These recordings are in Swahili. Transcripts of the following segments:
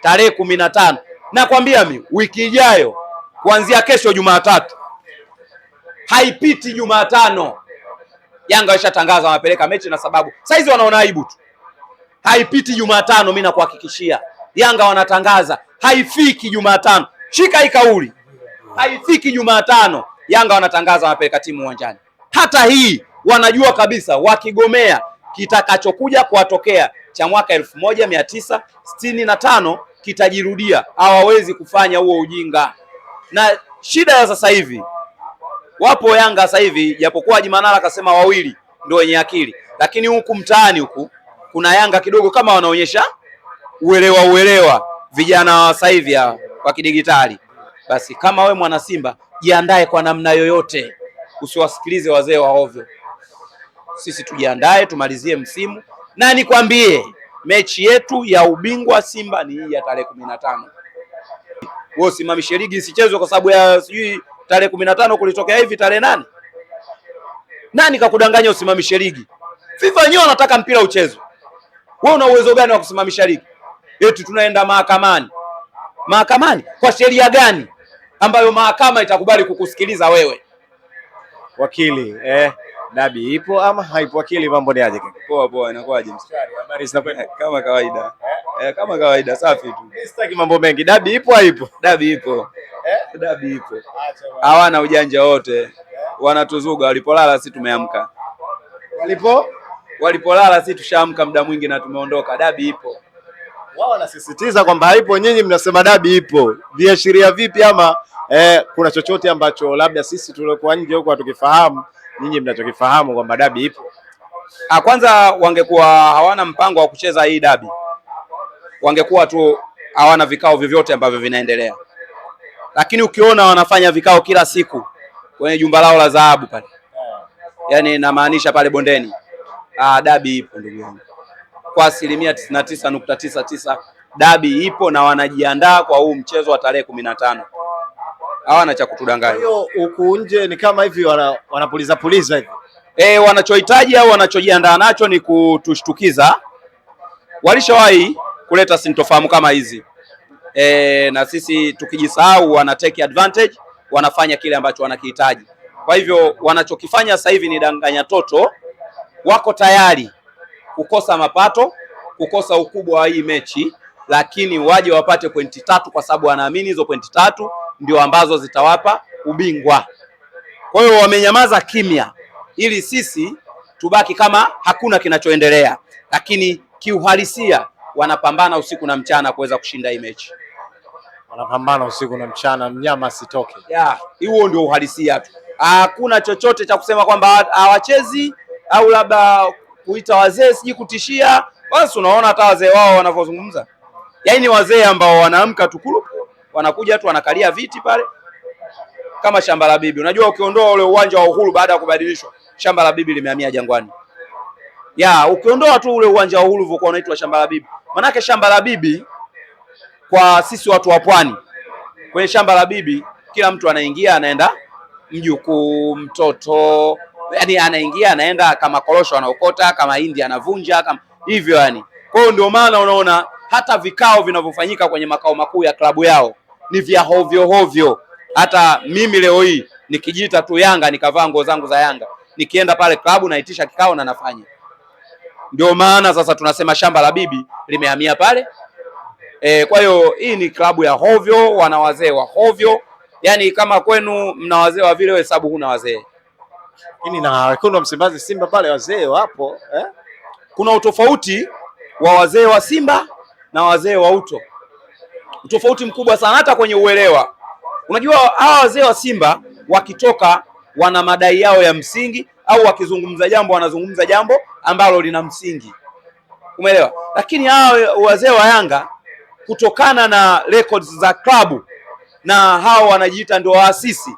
tarehe kumi na tano. Nakwambia mimi wiki ijayo kuanzia kesho Jumatatu haipiti Jumatano, Yanga waishatangaza wanapeleka mechi na sababu saizi wanaona aibu tu. Haipiti Jumatano, mimi nakuhakikishia, Yanga wanatangaza haifiki Jumatano. Shika hii kauli, haifiki Jumatano Yanga wanatangaza wanapeleka timu uwanjani. Hata hii wanajua kabisa wakigomea kitakachokuja kuwatokea cha mwaka elfu moja mia tisa sitini na tano kitajirudia, hawawezi kufanya huo ujinga. Na shida ya sasa hivi wapo Yanga sasa hivi, japokuwa Haji Manara akasema wawili ndio wenye akili, lakini huku mtaani huku kuna Yanga kidogo kama wanaonyesha uelewa uelewa, vijana wa sasa hivi wa kidigitali. Basi kama we mwana Simba, jiandae kwa namna yoyote, usiwasikilize wazee wa ovyo. Sisi tujiandae tumalizie msimu, na nikwambie mechi yetu ya ubingwa Simba ni hii ya tarehe kumi na tano. Wewe usimamishe ligi isichezwe kwa sababu ya sijui tarehe kumi na tano kulitokea hivi tarehe nani Nani kakudanganya usimamishe ligi? FIFA wenyewe wanataka mpira uchezwe. Wewe una uwezo gani wa kusimamisha ligi? Eti tunaenda mahakamani. Mahakamani kwa sheria gani ambayo mahakama itakubali kukusikiliza wewe wakili eh? Dabi ipo ama haipo? Akili mambo ni aje? Poa poa, inakuwaje mstari? Habari zinakwenda kama kawaida eh? Kama kawaida, safi tu, sitaki mambo mengi. Dabi ipo haipo? Dabi ipo eh? Dabi ipo, hawana ujanja wote, wanatuzuga. Walipolala si tumeamka, walipo walipolala si tushaamka muda mwingi na tumeondoka. Dabi ipo, wao wanasisitiza kwamba haipo, nyinyi mnasema dabi ipo. Viashiria vipi ama eh, kuna chochote ambacho labda sisi tuliokuwa nje huko hatukifahamu? nyinyi mnachokifahamu kwamba dabi ipo. Ah, kwanza wangekuwa hawana mpango wa kucheza hii dabi, wangekuwa tu hawana vikao vyovyote ambavyo vinaendelea, lakini ukiona wanafanya vikao kila siku kwenye jumba lao la dhahabu pale, yaani namaanisha pale bondeni. Ah, dabi ipo ndugu yangu, kwa asilimia tisini na tisa nukta tisa tisa dabi ipo na wanajiandaa kwa huu mchezo wa tarehe kumi na tano hawana cha kutudanganya. Kwa hiyo huku nje ni kama hivi wana, wanapuliza puliza hivi e, wanachohitaji au wanachojiandaa nacho ni kutushtukiza. Walishawahi kuleta sintofahamu kama hizi e, na sisi tukijisahau wana take advantage, wanafanya kile ambacho wanakihitaji. Kwa hivyo wanachokifanya sasa hivi ni danganya toto, wako tayari kukosa mapato, kukosa ukubwa wa hii mechi, lakini waje wapate pointi tatu, kwa sababu wanaamini hizo pointi tatu ndio ambazo zitawapa ubingwa. Kwa hiyo wamenyamaza kimya ili sisi tubaki kama hakuna kinachoendelea, lakini kiuhalisia wanapambana usiku na mchana kuweza kushinda hii mechi, wanapambana usiku na mchana, mnyama asitoke. Huo ndio uhalisia tu, hakuna chochote cha kusema kwamba hawachezi au labda kuita wazee sijui kutishia. Basi unaona hata wazee wao wanavyozungumza, yaani ni wazee ambao wanaamka tukulupu wanakuja tu wanakalia viti pale kama shamba la bibi. Unajua, ukiondoa ule uwanja wa Uhuru baada ya kubadilishwa, shamba la bibi limehamia Jangwani. Ya, ukiondoa tu ule uwanja wa Uhuru ulivyokuwa unaitwa shamba la bibi, manake shamba la bibi kwa sisi watu wa pwani, kwenye shamba la bibi kila mtu anaingia anaenda, mjukuu, mtoto, yani anaingia anaenda, kama korosho anaokota, kama hindi anavunja, kama hivyo yani. Kwa hiyo ndio maana unaona hata vikao vinavyofanyika kwenye makao makuu ya klabu yao ni vya hovyo hovyo. Hata mimi leo hii nikijita tu Yanga nikavaa nguo zangu za Yanga nikienda pale klabu naitisha kikao na nafanya. Ndio maana sasa tunasema shamba la bibi limehamia pale. E, kwa hiyo hii ni klabu ya hovyo, wana wazee wa hovyo. Yaani kama kwenu mna wazee wa vile, hesabu huna wazee. Lakini na wekundu wa Msimbazi Simba pale wazee wapo eh? Kuna utofauti wa wazee wa Simba na wazee wa uto tofauti mkubwa sana hata kwenye uelewa. Unajua hawa wazee wa Simba wakitoka wana madai yao ya msingi, au wakizungumza jambo wanazungumza jambo ambalo lina msingi, umeelewa. Lakini hawa wazee wa Yanga kutokana na records za klabu na hawa wanajiita ndio waasisi,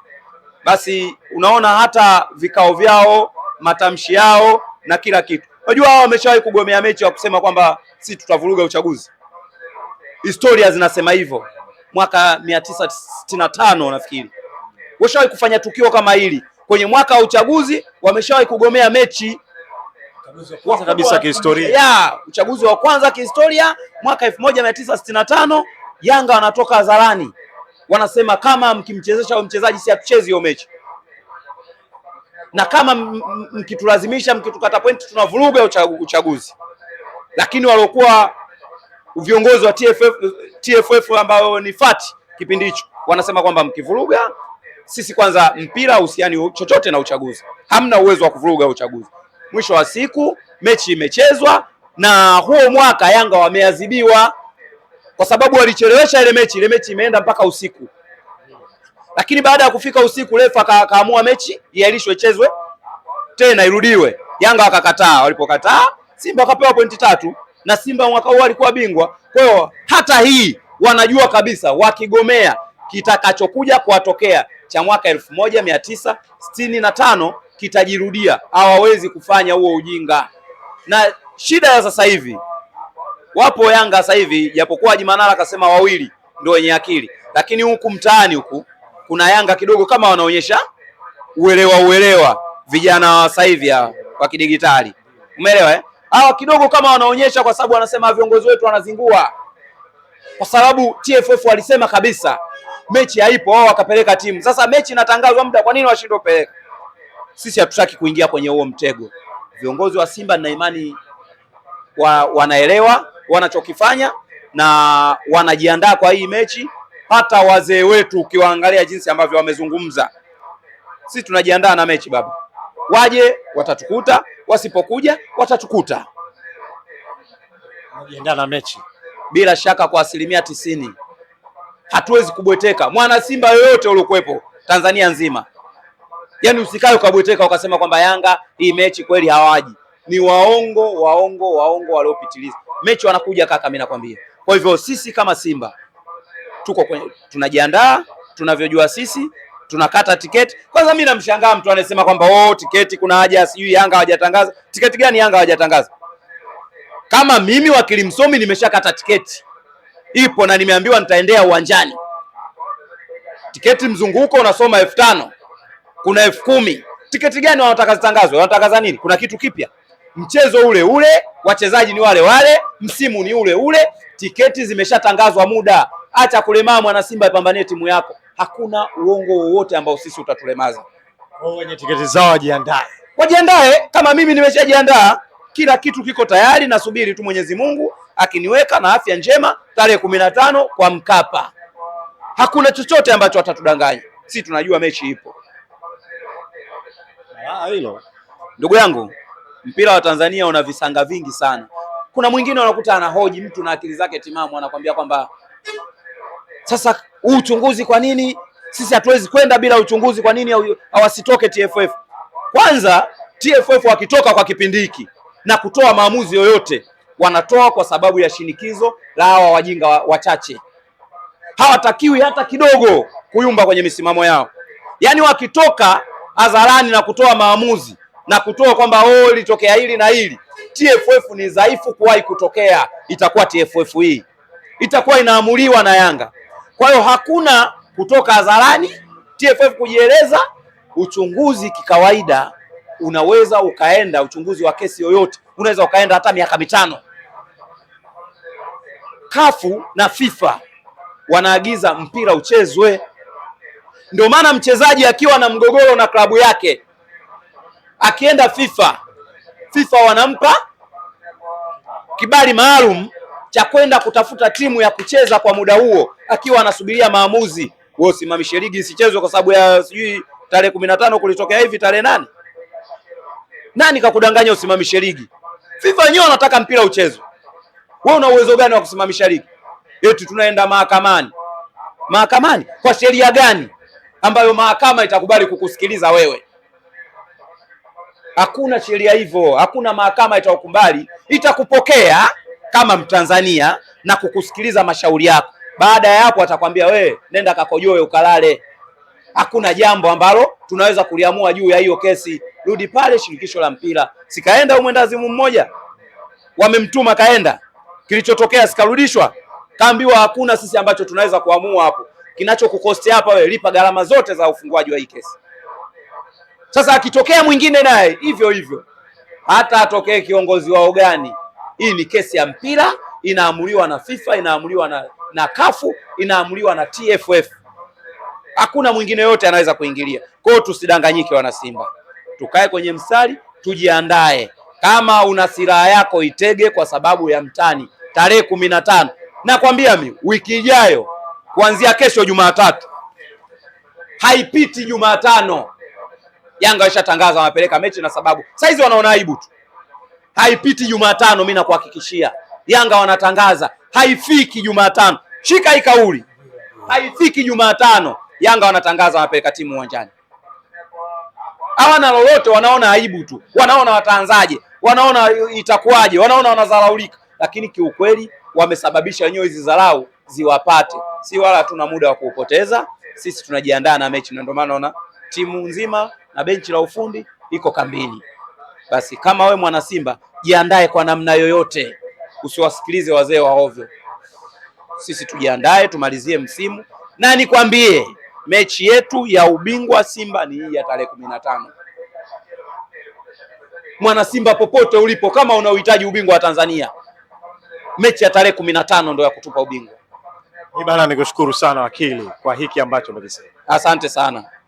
basi unaona hata vikao vyao, matamshi yao na kila kitu. Unajua hao wameshawahi kugomea mechi wa kusema kwamba si tutavuruga uchaguzi historia zinasema hivyo, mwaka 1965 nafikiri washawahi kufanya tukio kama hili kwenye mwaka wa uchaguzi, wameshawahi kugomea mechi kwanza kabisa kihistoria ya uchaguzi wa kwanza kihistoria mwaka 1965 Yanga wanatoka hadharani wanasema kama mkimchezesha huyo mchezaji si hatuchezi hiyo mechi, na kama mkitulazimisha mkitukata pointi tunavuruga uchaguzi. Lakini waliokuwa viongozi wa TFF, TFF ambao ni FAT kipindi hicho wanasema kwamba mkivuruga sisi kwanza mpira uhusiani chochote na uchaguzi, hamna uwezo wa kuvuruga uchaguzi. Mwisho wa siku mechi imechezwa, na huo mwaka Yanga wameadhibiwa kwa sababu walichelewesha ile mechi. Ile mechi imeenda mpaka usiku, lakini baada ya kufika usiku refa akaamua mechi iahirishwe, ichezwe tena, irudiwe. Yanga wakakataa, walipokataa Simba wakapewa pointi tatu na Simba mwaka huu alikuwa bingwa. Kwa hiyo hata hii wanajua kabisa wakigomea kitakachokuja kuwatokea cha mwaka elfu moja mia tisa sitini na tano kitajirudia. Hawawezi kufanya huo ujinga, na shida ya sasa hivi wapo Yanga sasa hivi, japokuwa jimanara akasema wawili ndio wenye akili, lakini huku mtaani huku kuna Yanga kidogo kama wanaonyesha uelewa uelewa, vijana wa sasa hivi wa kidigitali, umeelewa eh? hawa kidogo kama wanaonyesha, kwa sababu wanasema viongozi wetu wanazingua, kwa sababu TFF walisema kabisa mechi haipo, wao wakapeleka timu. Sasa mechi inatangazwa muda, kwa nini washindwe kupeleka? Sisi hatutaki kuingia kwenye huo mtego. Viongozi wa Simba na imani wa, wanaelewa wanachokifanya na wanajiandaa kwa hii mechi. Hata wazee wetu ukiwaangalia jinsi ambavyo wamezungumza, sisi tunajiandaa na mechi baba, waje watatukuta wasipokuja watatukuta. Unajiandaa na mechi bila shaka kwa asilimia tisini hatuwezi kubweteka. Mwana Simba yoyote uliokuwepo Tanzania nzima, yaani usikae ukabweteka ukasema kwamba Yanga hii mechi kweli hawaji. Ni waongo, waongo, waongo waliopitiliza. Mechi wanakuja kaka, mimi nakwambia. Kwa hivyo sisi kama Simba tuko kwenye, tunajiandaa tunavyojua sisi tunakata tiketi. Kwanza mimi namshangaa mtu anasema kwamba oh, tiketi kuna haja, sijui Yanga hawajatangaza. Tiketi gani Yanga hawajatangaza? Kama mimi wakili msomi nimeshakata tiketi, ipo na nimeambiwa nitaendea uwanjani. Tiketi mzunguko unasoma elfu tano kuna elfu kumi Tiketi gani wanataka zitangazwe? Wanatangaza nini? Kuna kitu kipya? Mchezo ule ule, wachezaji ni wale wale, msimu ni ule ule, tiketi zimeshatangazwa muda. Acha kulemaa, mwana Simba, ipambanie timu yako hakuna uongo wowote ambao sisi utatulemaza. Wao wenye tiketi zao wajiandae, wajiandae kama mimi nimeshajiandaa. Kila kitu kiko tayari, nasubiri tu Mwenyezi Mungu akiniweka na afya njema, tarehe kumi na tano kwa Mkapa. Hakuna chochote ambacho watatudanganya, si tunajua mechi ipo. Ah, hilo ndugu yangu, mpira wa Tanzania una visanga vingi sana. Kuna mwingine unakuta anahoji mtu na akili zake timamu, anakwambia kwamba sasa huu uchunguzi. Kwa nini sisi hatuwezi kwenda bila uchunguzi? Kwa nini hawasitoke TFF? Kwanza, TFF wakitoka kwa kipindi hiki na kutoa maamuzi yoyote, wanatoa kwa sababu ya shinikizo la hawa wajinga wachache. Hawatakiwi hata kidogo kuyumba kwenye misimamo yao. Yaani wakitoka hadharani na kutoa maamuzi na kutoa kwamba oh, litokea hili na hili, TFF ni dhaifu kuwahi kutokea, itakuwa TFF hii itakuwa inaamuliwa na Yanga. Kwa hiyo hakuna kutoka hadharani TFF kujieleza. Uchunguzi kikawaida unaweza ukaenda, uchunguzi wa kesi yoyote unaweza ukaenda hata miaka mitano. Kafu na FIFA wanaagiza mpira uchezwe. Ndio maana mchezaji akiwa na mgogoro na klabu yake akienda FIFA, FIFA wanampa kibali maalum cha kwenda kutafuta timu ya kucheza kwa muda huo, akiwa anasubiria maamuzi. Wewe usimamishe ligi isichezwe kwa sababu ya sijui tarehe kumi na tano kulitokea hivi tarehe nani Nani kakudanganya usimamishe ligi? FIFA wenyewe wanataka mpira uchezwe. Wewe una uwezo gani wa kusimamisha ligi? Eti tunaenda mahakamani. Mahakamani kwa sheria gani ambayo mahakama itakubali kukusikiliza wewe? Hakuna sheria hivyo, hakuna mahakama itakukubali, itakupokea kama Mtanzania na kukusikiliza mashauri yako. Baada ya hapo, atakwambia wewe, nenda kakojoe ukalale. Hakuna jambo ambalo tunaweza kuliamua juu ya hiyo kesi. Rudi pale shirikisho la mpira, sikaenda umwendazimu mmoja wamemtuma kaenda, kilichotokea sikarudishwa, kaambiwa hakuna sisi ambacho tunaweza kuamua hapo. Kinachokukosti hapa wewe, lipa gharama zote za ufunguaji wa hii kesi. Sasa akitokea mwingine naye hivyo hivyo, hata atokee kiongozi wao gani, hii ni kesi ya mpira, inaamuliwa na FIFA, inaamuliwa na, na kafu, inaamuliwa na TFF. Hakuna mwingine yote anaweza kuingilia. Kwa hiyo tusidanganyike, wanasimba, tukae kwenye mstari, tujiandae. Kama una silaha yako itege, kwa sababu ya mtani tarehe kumi na tano nakwambia mi wiki ijayo kuanzia kesho Jumatatu haipiti Jumatano, Yanga waishatangaza wanapeleka mechi na sababu saizi wanaona aibu tu haipiti Jumatano, mimi nakuhakikishia. Yanga wanatangaza haifiki Jumatano, shika hii kauli, haifiki Jumatano. Yanga wanatangaza wanapeleka timu uwanjani, hawana lolote, wanaona aibu tu, wanaona wataanzaje, wanaona itakuwaje, wanaona wanadharaulika, lakini kiukweli wamesababisha wenyewe hizi dharau ziwapate. Si wala hatuna muda wa kuupoteza sisi, tunajiandaa na mechi, na ndio maana naona timu nzima na benchi la ufundi iko kambini. Basi kama we mwana Simba, jiandae kwa namna yoyote, usiwasikilize wazee wa ovyo. Sisi tujiandae tumalizie msimu, na nikwambie mechi yetu ya ubingwa Simba ni hii ya tarehe kumi na tano. Mwana Simba popote ulipo, kama unauhitaji ubingwa wa Tanzania, mechi ya tarehe kumi na tano ndio ya kutupa ubingwa. Bana, nikushukuru sana wakili kwa hiki ambacho umekisema. Asante sana.